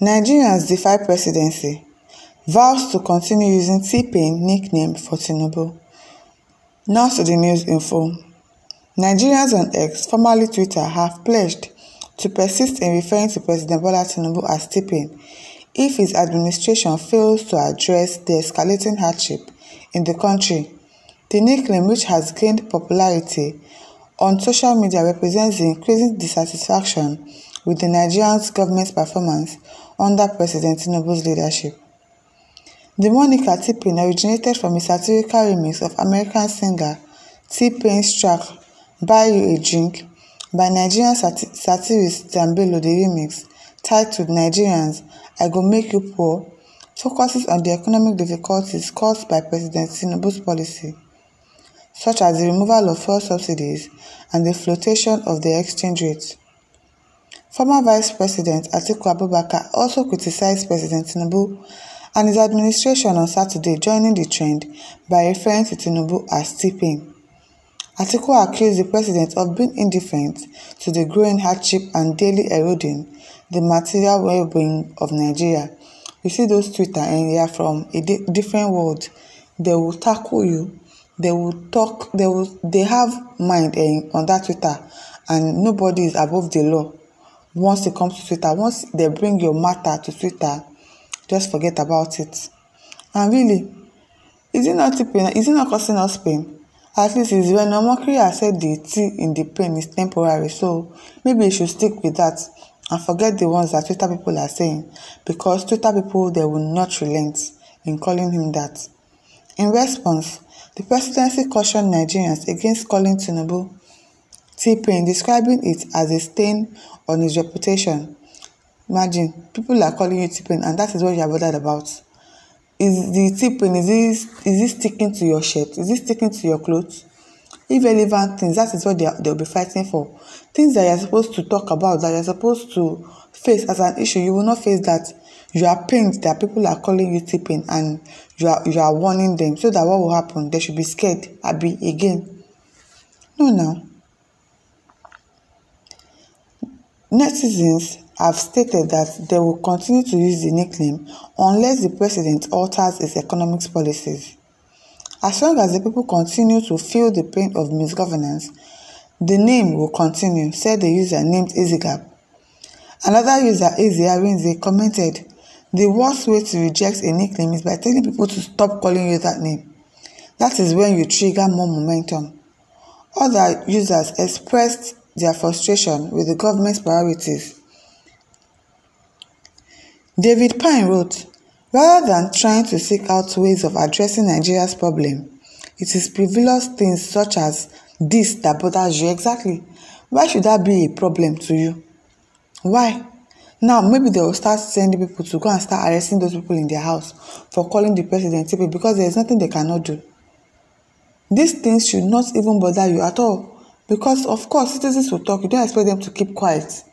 Nigerians defy presidency, vows to continue using T-Pain nickname for Tinubu. Now to the news info, Nigerians on X (formerly Twitter) have pledged to persist in referring to President Bola Tinubu as T-Pain if his administration fails to address the escalating hardship in the country. The nickname, which has gained popularity on social media, represents the increasing dissatisfaction with the Nigerian government's performance under President Tinubu's leadership. The moniker T-Pain originated from a satirical remix of American singer T-Pain's track Buy You a Drink by Nigerian sati satirist Tambelo the remix titled Nigerians I Go Make You Poor focuses on the economic difficulties caused by President Tinubu's policy such as the removal of fuel subsidies and the flotation of the exchange rate. Former Vice President Atiku Abubakar also criticized President Tinubu and his administration on Saturday joining the trend by referring to Tinubu as “tipping.” Atiku accused the president of being indifferent to the growing hardship and daily eroding the material well-being of Nigeria. You see those Twitter and they are from a di different world. They will tackle you. They will talk. They will. They have mind eh, on that Twitter, and nobody is above the law once it comes to twitter once they bring your matter to twitter just forget about it and really is it not pain is it not causing us pain at least is when omokriya said the tea in the pain is temporary so maybe you should stick with that and forget the ones that twitter people are saying because twitter people they will not relent in calling him that in response the presidency cautioned nigerians against calling tinubu T-Pain, describing it as a stain on his reputation. Imagine, people are calling you T-Pain and that is what you are bothered about. Is the T-Pain, is this, is this sticking to your shirt? Is this sticking to your clothes? Irrelevant things, that is what they are, they'll be fighting for. Things that you're supposed to talk about, that you're supposed to face as an issue, you will not face that. You are pained that people are calling you T-Pain and you are, you are warning them so that what will happen? They should be scared. I'll be again. No, now. Netizens have stated that they will continue to use the nickname unless the president alters his economic policies. As long as the people continue to feel the pain of misgovernance, the name will continue, said the user named EasyGap. Another user, Easy commented, The worst way to reject a nickname is by telling people to stop calling you that name. That is when you trigger more momentum. Other users expressed their frustration with the government's priorities. David Pine wrote, Rather than trying to seek out ways of addressing Nigeria's problem, it is frivolous things such as this that bothers you exactly. Why should that be a problem to you? Why? Now, maybe they will start sending people to go and start arresting those people in their house for calling the president because there is nothing they cannot do. These things should not even bother you at all Because, of course, citizens will talk. You don't expect them to keep quiet.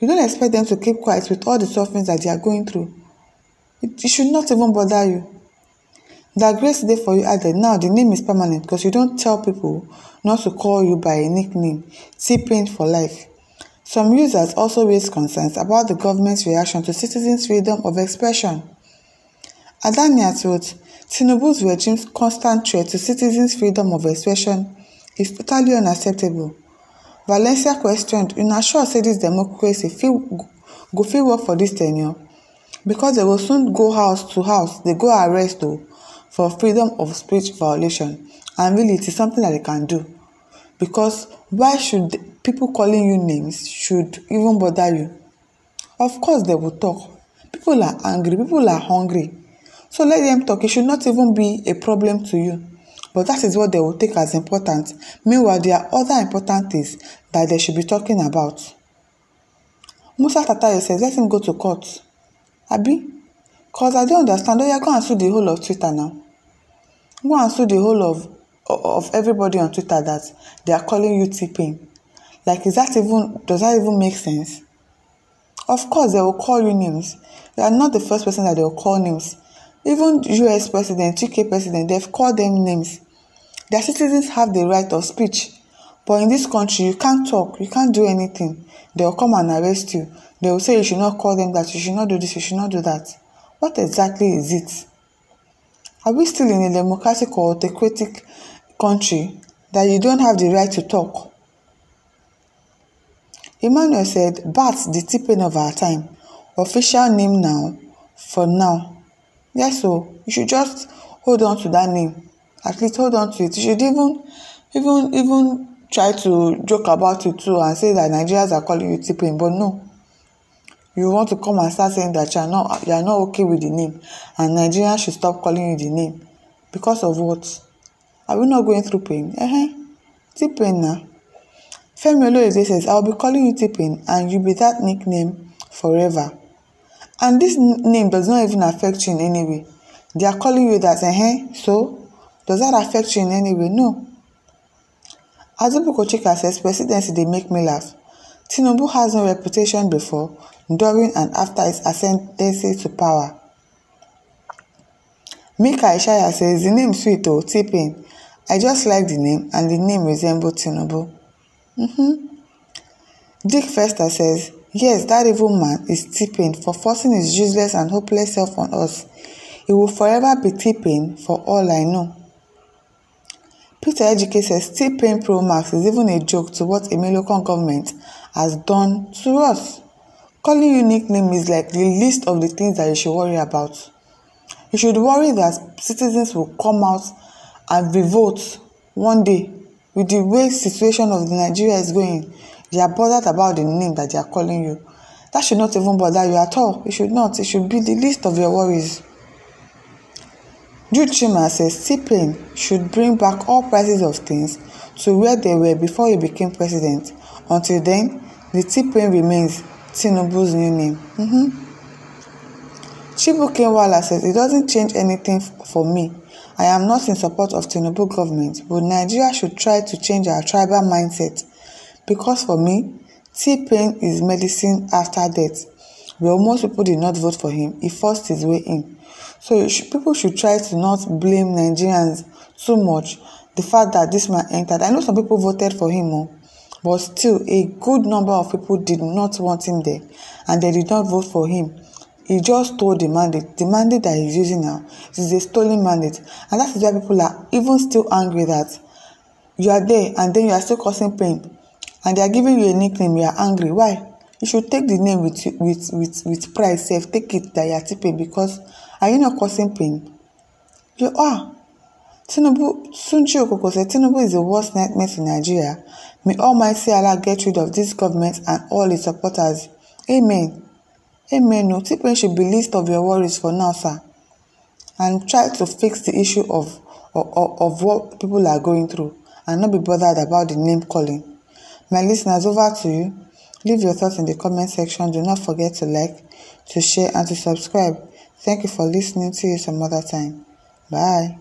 You don't expect them to keep quiet with all the sufferings that they are going through. It, it should not even bother you. The grace there for you added. Now the name is permanent because you don't tell people not to call you by a nickname. See pain for life. Some users also raised concerns about the government's reaction to citizens' freedom of expression. Adanias wrote, Tinubu's regime's constant threat to citizens' freedom of expression is totally unacceptable. Valencia questioned, not sure say this democracy fit go fit work for this tenure Because they will soon go house to house They go arrest though for freedom of speech violation and really it is something that they can do. Because why should people calling you names should even bother you? Of course they will talk. People are angry, people are hungry. So let them talk. It should not even be a problem to you but that is what they will take as important meanwhile there are other important things that they should be talking about musa tatayo says let him go to court abi because i don't understand oya go and sue the whole of twitter now go and sue the whole of of everybody on twitter that they are calling you tipping like is that even does that even make sense of course they will call you names you are not the first person that they will call names Even US President, UK President, they've called them names. Their citizens have the right of speech. But in this country, you can't talk, you can't do anything. They'll come and arrest you. They will say you should not call them that, you should not do this, you should not do that. What exactly is it? Are we still in a democratic or autocratic country that you don't have the right to talk? Emmanuel said, Bats, the tipping of our time. Official name now, for now. Yes so you should just hold on to that name. At least hold on to it. You should even even even try to joke about it too and say that Nigerians are calling you Tipping. but no. You want to come and start saying that you are not you are not okay with the name and Nigerians should stop calling you the name. Because of what? Are we not going through pain? Uh-huh. T-Pain na. Femi Oloyede says, I will be calling you Tipping, and you'll be that nickname forever and this name does not even affect you in any way they are calling you that ehen so does that affect you in any way no azubuko chika says presidency dey make me laugh tinubu has no reputation before during and after his ascendancy to power mika ishaya says the name sweet o t i just like the name and the name resemble tinubu mm -hmm. dick fester says Yes, that evil man is tipping for forcing his useless and hopeless self on us. He will forever be tipping for all I know. Peter Ejike says tipping pro max is even a joke to what Emiliokan government has done to us. Calling you nickname is like the least of the things that you should worry about. You should worry that citizens will come out and revolt one day with the way situation of Nigeria is going. They are bothered about the name that they are calling you. That should not even bother you at all. It should not. It should be the least of your worries. Jude Chima says t should bring back all prices of things to where they were before he became president. Until then, the t remains Tinubu's new name. Mm-hmm. Chibuke Wala says it doesn't change anything for me. I am not in support of Tinubu government, but Nigeria should try to change our tribal mindset because for me, T Pain is medicine after death. Well, most people did not vote for him, he forced his way in. So people should try to not blame Nigerians too much. The fact that this man entered, I know some people voted for him, oh, but still, a good number of people did not want him there and they did not vote for him. He just stole the mandate. The mandate that he's using now is a stolen mandate. And that's why people are even still angry that you are there and then you are still causing pain and they are giving you a nickname you are angry why you should take the name with with with with pride sef take it that you are tipping because are you not causing pain you are ah, tinubu sunji okoko say tinubu is the worst nightmare in nigeria may almighty allah get rid of this government and all its supporters amen amen No, tipping should be least of your worries for now sir and try to fix the issue of of of, of what people are going through and no be bothered about the name calling My listeners, over to you. Leave your thoughts in the comment section. Do not forget to like, to share, and to subscribe. Thank you for listening. See you some other time. Bye.